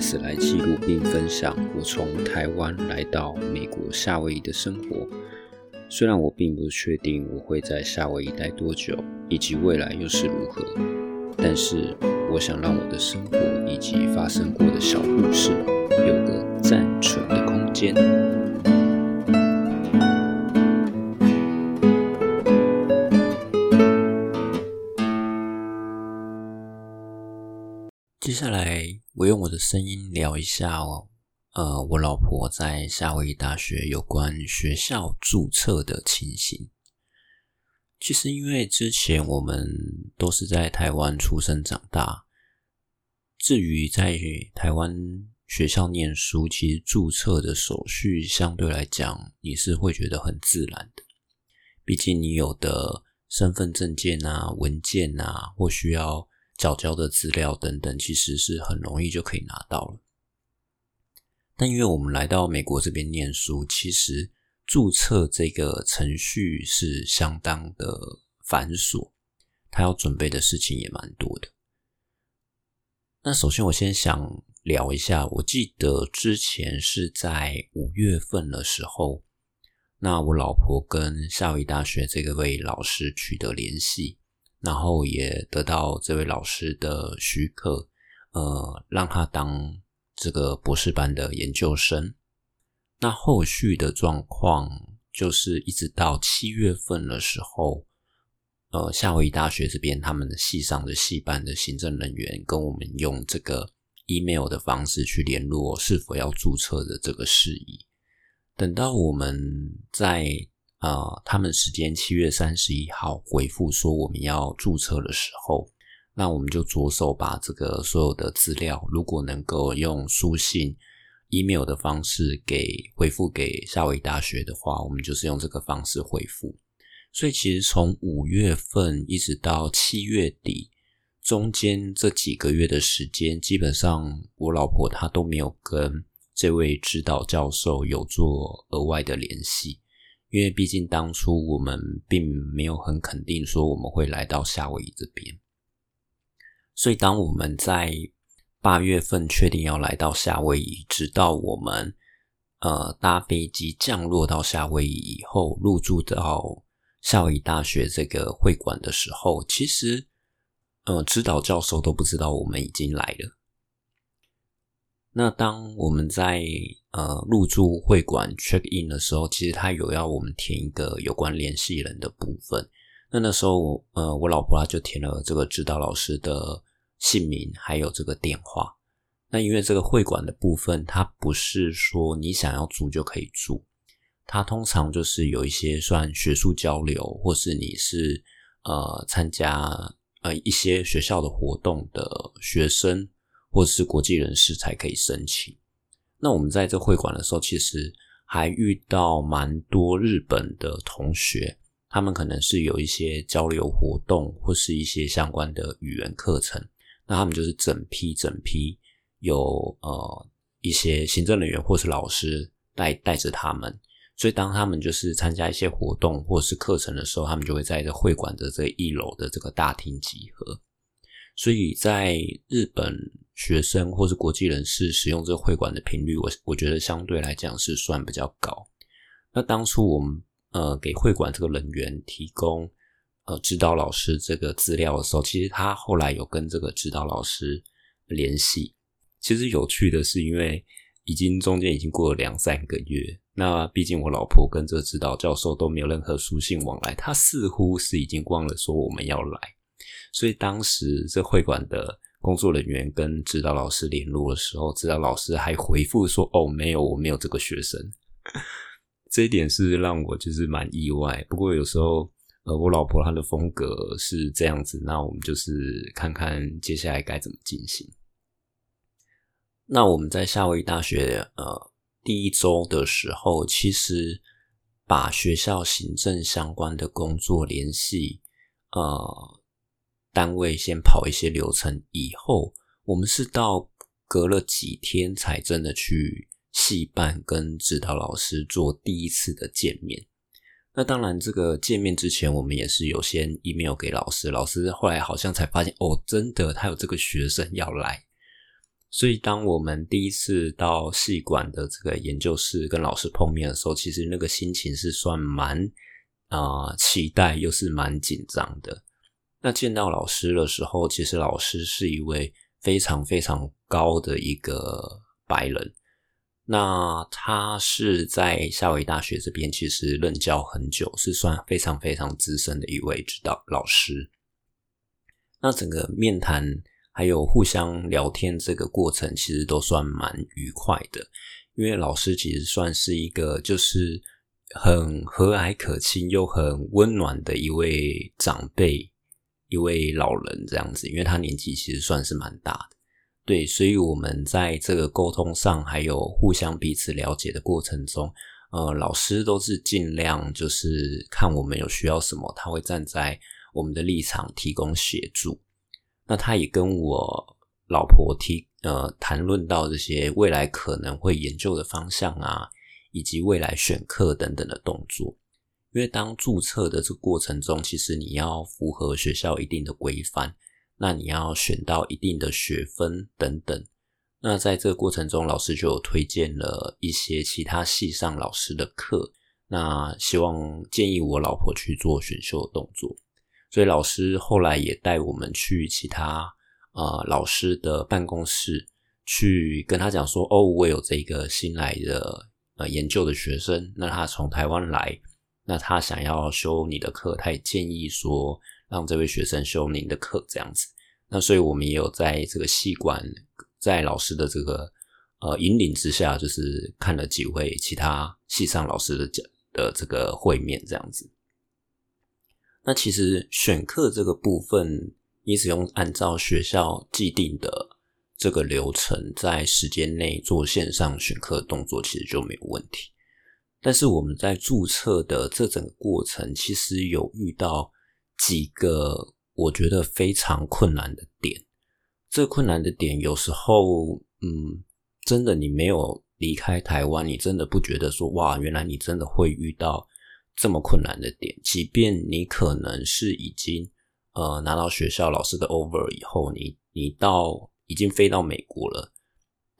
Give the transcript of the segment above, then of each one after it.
此來記錄並分享我從台灣來到美國夏威夷的生活。雖然我並不確定我會在夏威夷待多久，以及未來又是如何，但是我想讓我的生活以及發生過的小故事有個暫存的空間。接下來。我用我的聲音聊一下哦，呃，我老婆在夏威夷大學有關學校註冊的情形。其實，因為之前我們都是在台灣出生長大，至於在台灣學校唸書，其實註冊的手續相對來講，你是會覺得很自然的。畢竟你有的身份證件啊、文件啊，或需要。繳交的資料等等，其實是很容易就可以拿到了。但因為我們來到美國這邊念書，其實註冊這個程序，是相當的繁瑣，他要準備的事情也蠻多的。那首先我先想聊一下，我記得之前是在五月份的時候，那我老婆跟夏威夷大學這個位老師取得聯繫。然後也得到這位老師的許可，呃，讓他當這個博士班的研究生。那後續的狀況就是一直到七月份的時候，呃，夏威夷大學這邊他們的系上的系班的行政人員跟我們用這個 email 的方式去聯絡是否要注冊的這個事宜。等到我們在。呃，他們時間七月三十一號回覆說我們要注冊的時候，那我們就着手把這個所有的資料，如果能夠用書信、email 的方式給回覆給夏威夷大學的話，我們就是用這個方式回覆所以其實從五月份一直到七月底，中間這幾個月的時間，基本上我老婆她都沒有跟這位指導教授有做額外的聯繫。因為畢竟當初我們並沒有很肯定說我們會來到夏威夷這邊，所以當我們在八月份確定要來到夏威夷，直到我們呃搭飛機降落到夏威夷以後，入住到夏威夷大學這個會館的時候，其實呃指導教授都不知道我們已經來了。那當我們在呃入住會館 check in 的時候，其實他有要我們填一個有關聯繫人的部分。那那時候我呃我老婆她就填了這個指導老師的姓名，還有這個電話。那因為這個會館的部分，它不是說你想要住就可以住，它通常就是有一些算學術交流，或是你是呃參加呃一些學校的活動的學生。或是國際人士才可以申請。那我們在這會館的時候，其實還遇到蠻多日本的同學，他們可能是有一些交流活動或是一些相關的語言課程。那他們就是整批整批有呃一些行政人員或是老師帶帶着他們，所以當他們就是參加一些活動或是課程的時候，他們就會在這會館的這一樓的這個大廳集合。所以在日本，學生或是國際人士使用這個會館的頻率，我我覺得相對來講是算比較高。那當初我們呃給會館這個人員提供呃指導老師這個資料的時候，其實他後來有跟這個指導老師聯繫。其實有趣的是，因為已經中間已經過了兩三個月，那畢竟我老婆跟這個指導教授都沒有任何書信往來，他似乎是已經忘了說我們要來，所以當時這會館的。工作人員跟指導老師聯絡的時候，指導老師還回復說：“哦，沒有，我沒有這個學生。 ”這一點是讓我就是蠻意外。不過有時候，呃，我老婆她的風格是這樣子，那我們就是看看接下來該怎麼進行。那我們在夏威夷大學，呃，第一周的時候，其實把學校行政相關的工作聯繫，呃。單位先跑一些流程。以後我們是到隔了幾天才真的去系辦，跟指導老師做第一次的見面。那當然，這個見面之前，我們也是有先 email 給老師，老師後來好像才發現哦，真的他有這個學生要來。所以，當我們第一次到系館的這個研究室跟老師碰面的時候，其實那個心情是算蠻啊、呃、期待，又是蠻緊張的。那見到老師的時候，其實老師是一位非常非常高的一個白人。那他是在夏威夷大學這邊，其實任教很久，是算非常非常資深的一位指導老師。那整個面談還有互相聊天這個過程，其實都算蠻愉快的，因為老師其實算是一個就是很和藹可親又很溫暖的一位長輩。一位老人，這樣子，因為他年紀其實算是蠻大的，對，所以我們在這個溝通上還有互相彼此了解的過程中，呃，老師都是盡量就是看我們有需要什麼，他會站在我們的立場提供協助。那他也跟我老婆提，呃，談論到這些未來可能會研究的方向啊，以及未來選課等等的動作。因為當注冊的這個過程中，其實你要符合學校一定的規範，那你要選到一定的學分等等。那在這個過程中，老師就有推薦了一些其他系上老師的課，那希望建議我老婆去做選修動作。所以老師後來也帶我們去其他呃老師的辦公室去跟他講說：“哦，我有這個新來的呃研究的學生，那他從台灣來。”那他想要修你的課，他也建議說讓這位學生修您的課這樣子。那所以我們也有在這個系館，在老師的這個呃引領之下，就是看了幾位其他系上老師的講的這個會面這樣子。那其實選課這個部分，你只用按照學校既定的這個流程，在時間內做線上選課動作，其實就沒有問題。但是我們在註冊的這整個過程，其實有遇到幾個我覺得非常困難的點。這困難的點有時候，嗯，真的你沒有離開台灣，你真的不覺得說哇，原來你真的會遇到這麼困難的點。即便你可能是已經呃拿到學校老師的 offer 以後，你你到已經飛到美國了。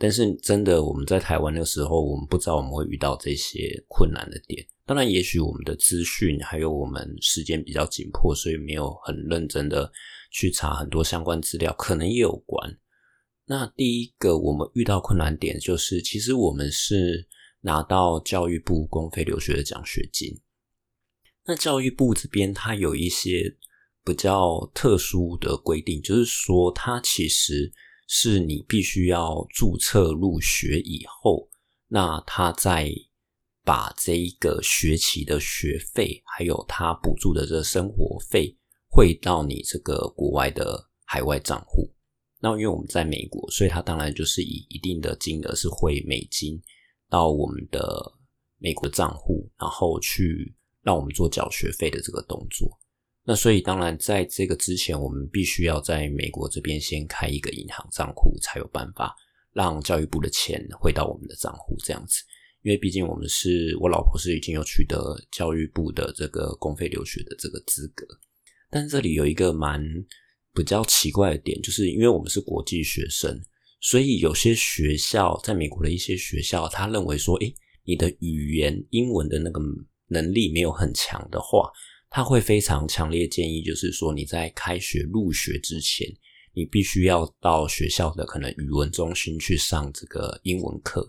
但是真的，我們在台灣的時候，我們不知道我們會遇到這些困難的點。當然，也許我們的資訊還有我們時間比較緊迫，所以沒有很認真的去查很多相關資料，可能也有關。那第一個我們遇到困難點就是，其實我們是拿到教育部公費留學的獎學金。那教育部這邊它有一些比較特殊的規定，就是說它其實。是你必須要註冊入學以後，那他再把這一個學期的學費，還有他補助的這個生活費匯到你這個國外的海外賬戶。那因為我們在美國，所以他當然就是以一定的金額是匯美金到我們的美國賬戶，然後去讓我們做繳學費的這個動作。那所以當然，在這個之前，我們必須要在美國這邊先開一個銀行賬戶，才有辦法讓教育部的錢匯到我們的賬戶這樣子。因為畢竟我們是我老婆是已經有取得教育部的這個公費留學的這個資格，但這裡有一個蠻比較奇怪的點，就是因為我們是國際學生，所以有些學校，在美國的一些學校，他認為說，誒，你的語言英文的那個能力沒有很強的話。他會非常強烈建議，就是說你在開學入學之前，你必須要到學校的可能語文中心去上這個英文課。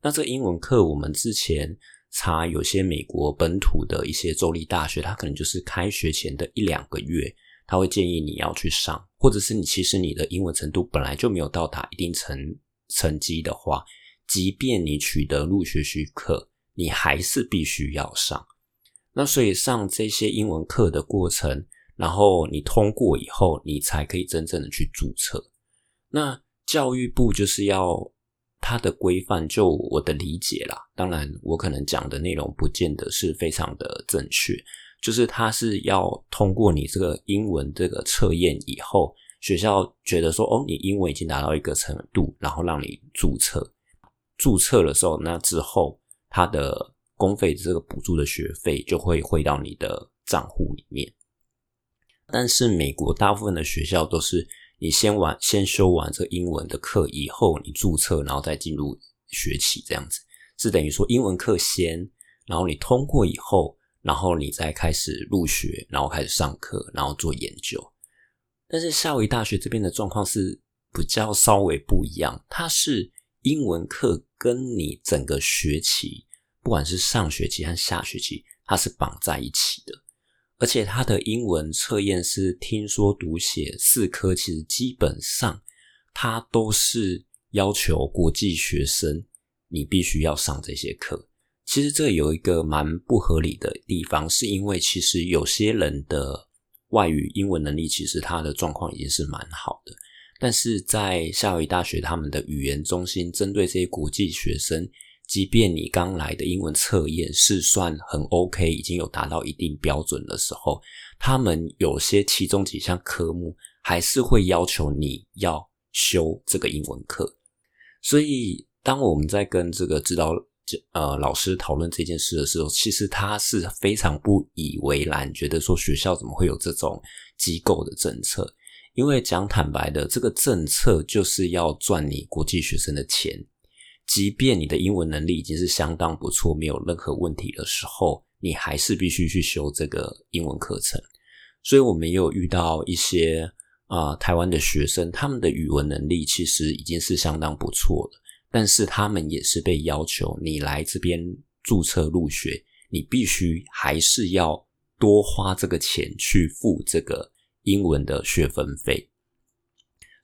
那這個英文課，我們之前查有些美國本土的一些州立大學，它可能就是開學前的一兩個月，他會建議你要去上，或者是你其實你的英文程度本來就沒有到達一定成成績的話，即便你取得入學許可，你還是必須要上。那所以上這些英文課的過程，然後你通過以後，你才可以真正的去註冊。那教育部就是要它的規範，就我的理解啦。當然，我可能講的內容不見得是非常的正確。就是它是要通過你這個英文這個測驗以後，學校覺得說，哦，你英文已經達到一個程度，然後讓你註冊。註冊的時候，那之後它的。公費這個補助的學費就會匯到你的賬戶裡面，但是美國大部分的學校都是你先完先修完這個英文的課以後，你注冊然後再進入學期這樣子，是等於說英文課先，然後你通過以後，然後你再開始入學，然後開始上課，然後做研究。但是夏威夷大學這邊的狀況是比較稍微不一樣，它是英文課跟你整個學期。不管是上學期和下學期，它是綁在一起的，而且它的英文測驗是聽說讀寫四科，其實基本上它都是要求國際學生你必須要上這些課。其實這有一個蠻不合理的地方，是因為其實有些人的外語英文能力其實他的狀況已經是蠻好的，但是在夏威夷大學他們的語言中心針對這些國際學生。即便你剛來的英文測驗是算很 OK，已經有達到一定標準的時候，他們有些其中幾項科目還是會要求你要修這個英文課。所以，當我們在跟這個指導這呃老師討論這件事的時候，其實他是非常不以為然，覺得說學校怎麼會有這種機構的政策？因為講坦白的，這個政策就是要賺你國際學生的錢。即便你的英文能力已經是相當不錯，沒有任何問題的時候，你還是必須去修這個英文課程。所以我們也有遇到一些啊、呃，台灣的學生，他們的語文能力其實已經是相當不錯了，但是他們也是被要求，你來這邊註冊入學，你必須還是要多花這個錢去付這個英文的學分費。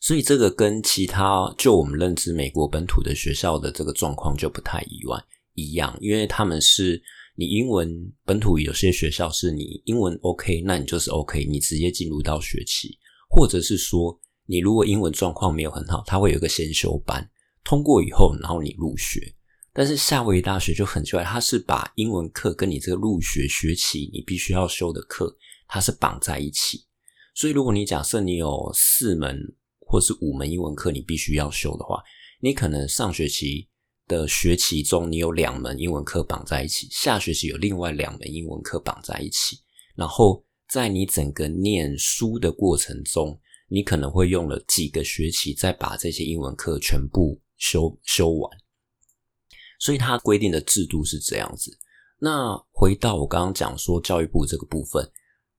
所以這個跟其他就我們認知美國本土的學校的這個狀況就不太一樣一樣，因為他們是你英文本土，有些學校是你英文 OK，那你就是 OK，你直接進入到學期，或者是說你如果英文狀況沒有很好，它會有一個先修班，通過以後，然後你入學。但是夏威夷大學就很奇怪，它是把英文課跟你這個入學學期你必須要修的課，它是綁在一起。所以如果你假設你有四門。或是五門英文課你必須要修的話，你可能上學期的學期中你有兩門英文課綁在一起，下學期有另外兩門英文課綁在一起，然後在你整個念書的過程中，你可能會用了幾個學期再把這些英文課全部修修完。所以他規定的制度是這樣子。那回到我剛剛講說教育部這個部分，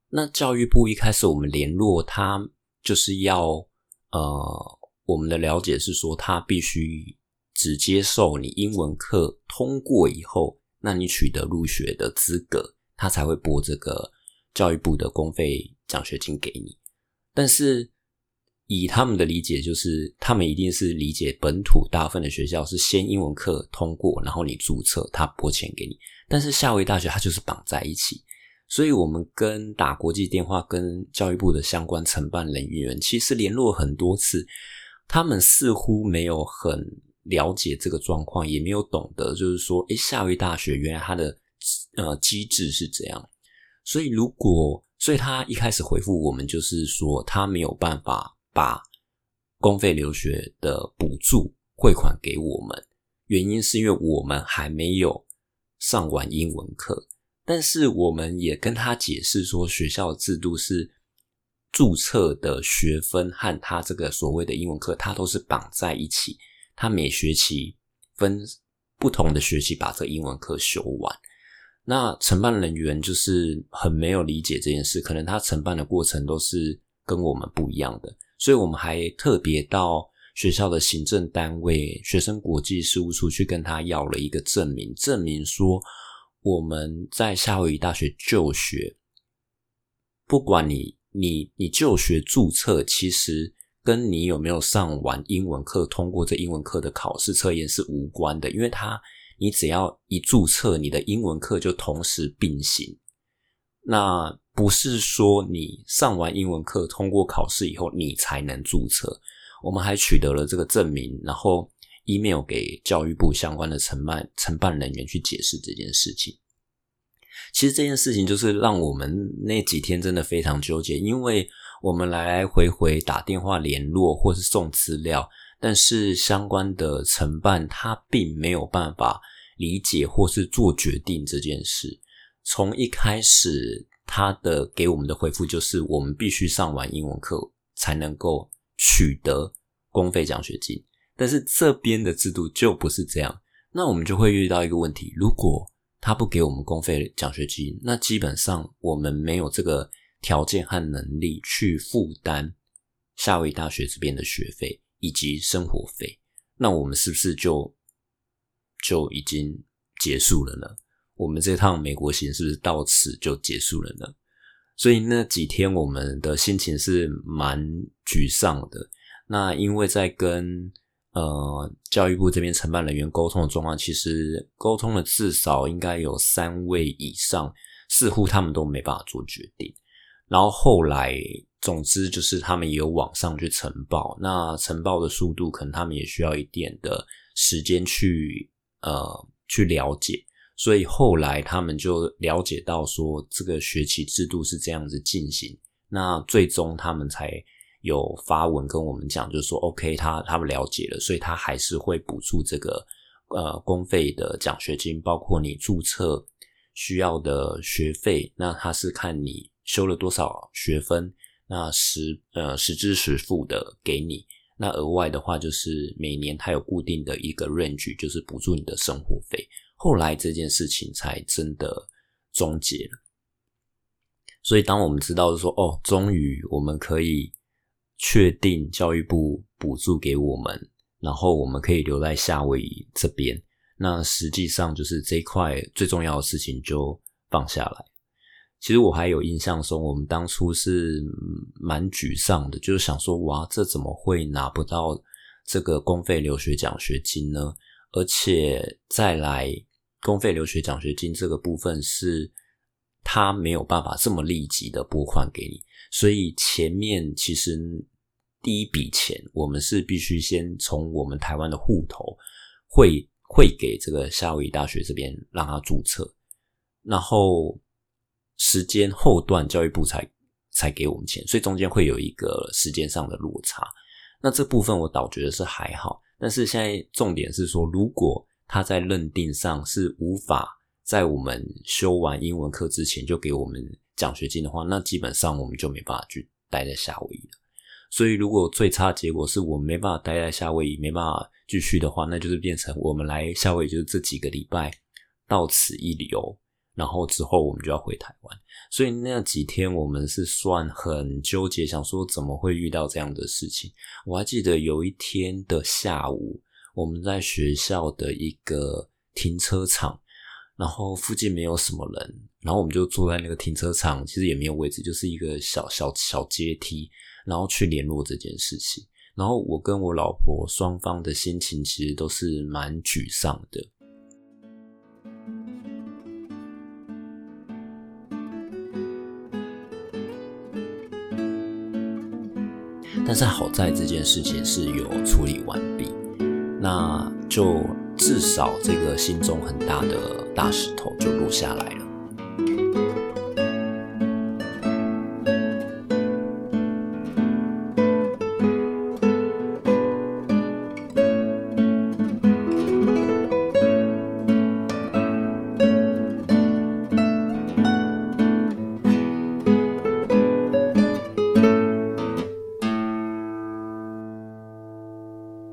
那教育部一開始我們聯絡他就是要。呃，我們的了解是說，他必須只接受你英文課通過以後，那你取得入學的資格，他才會撥這個教育部的公費獎學金給你。但是以他們的理解，就是他們一定是理解本土大部分的學校是先英文課通過，然後你注冊，他撥錢給你。但是夏威夷大學它就是綁在一起。所以，我們跟打國際電話、跟教育部的相關承辦人員，其實聯絡很多次，他們似乎沒有很了解這個狀況，也沒有懂得，就是說，誒夏威夷大學原來它的、呃、機制是怎樣？所以，如果所以他一開始回復我們，就是說他沒有辦法把公費留學的補助匯款給我們，原因是因為我們還沒有上完英文課。但是我們也跟他解釋說，學校的制度是註冊的學分和他這個所謂的英文課，他都是綁在一起。他每學期分不同的學期把這個英文課修完。那承辦人員就是很沒有理解這件事，可能他承辦的過程都是跟我們不一樣的，所以我們還特別到學校的行政單位——學生國際事務處去跟他要了一個證明，證明說。我們在夏威夷大學就學，不管你你你就學註冊，其實跟你有沒有上完英文課、通過這英文課的考試測驗是無關的，因為它，你只要一註冊，你的英文課就同時並行。那不是說你上完英文課通過考試以後你才能註冊，我們還取得了這個證明，然後。email 給教育部相關的承辦承辦人員去解釋這件事情。其實這件事情就是讓我們那幾天真的非常糾結，因為我們來來回回打電話聯絡或是送資料，但是相關的承辦他並沒有辦法理解或是做決定這件事。從一開始他的給我們的回復就是我們必須上完英文課才能夠取得公費獎學金。但是這邊的制度就不是這樣，那我們就會遇到一個問題：如果他不給我們公費獎學金，那基本上我們沒有這個條件和能力去負擔夏威夷大學這邊的學費以及生活費。那我們是不是就就已經結束了呢？我們這趟美國行是不是到此就結束了呢？所以那幾天我們的心情是蠻沮喪的。那因為在跟呃，教育部這邊承辦人員溝通的狀況，其實溝通了至少應該有三位以上，似乎他們都沒辦法做決定。然後後來，總之就是他們也有往上去呈報，那呈報的速度可能他們也需要一點的時間去呃，去了解，所以後來他們就了解到說這個學期制度是這樣子進行，那最終他們才有發文跟我們講，就是說，OK，他他們了解了，所以他還是會補助這個呃公費的獎學金，包括你註冊需要的學費。那他是看你修了多少學分，那實呃實支實付的給你。那額外的話，就是每年他有固定的一個 range，就是補助你的生活費。後來這件事情才真的終結了。所以當我們知道說，哦，終於我們可以。確定教育部補助給我們，然後我們可以留在夏威夷這邊。那實際上就是這一塊最重要的事情就放下來。其實我還有印象說，我們當初是蠻沮喪的，就是想說，哇，這怎麼會拿不到這個公費留學獎學金呢？而且再來，公費留學獎學金這個部分是他沒有辦法這麼立即的撥款給你。所以前面其實第一筆錢，我們是必須先從我們台灣的戶頭匯匯給這個夏威夷大學這邊，讓他註冊，然後時間後段教育部才才給我們錢，所以中間會有一個時間上的落差。那這部分我倒覺得是還好，但是現在重點是說，如果他在認定上是無法在我們修完英文課之前就給我們。獎學金的話，那基本上我們就沒辦法去待在夏威夷了。所以，如果最差的結果是我們沒辦法待在夏威夷，沒辦法繼續的話，那就是變成我們來夏威夷就是這幾個禮拜到此一遊，然後之後我們就要回台灣。所以那幾天我們是算很糾結，想說怎麼會遇到這樣的事情。我還記得有一天的下午，我們在學校的一個停車場，然後附近沒有什麼人。然後我們就坐在那個停車場，其實也沒有位置，就是一個小小小階梯，然後去聯絡這件事情。然後我跟我老婆雙方的心情其實都是蠻沮喪的，但是好在這件事情是有處理完畢，那就至少這個心中很大的大石頭就落下來了。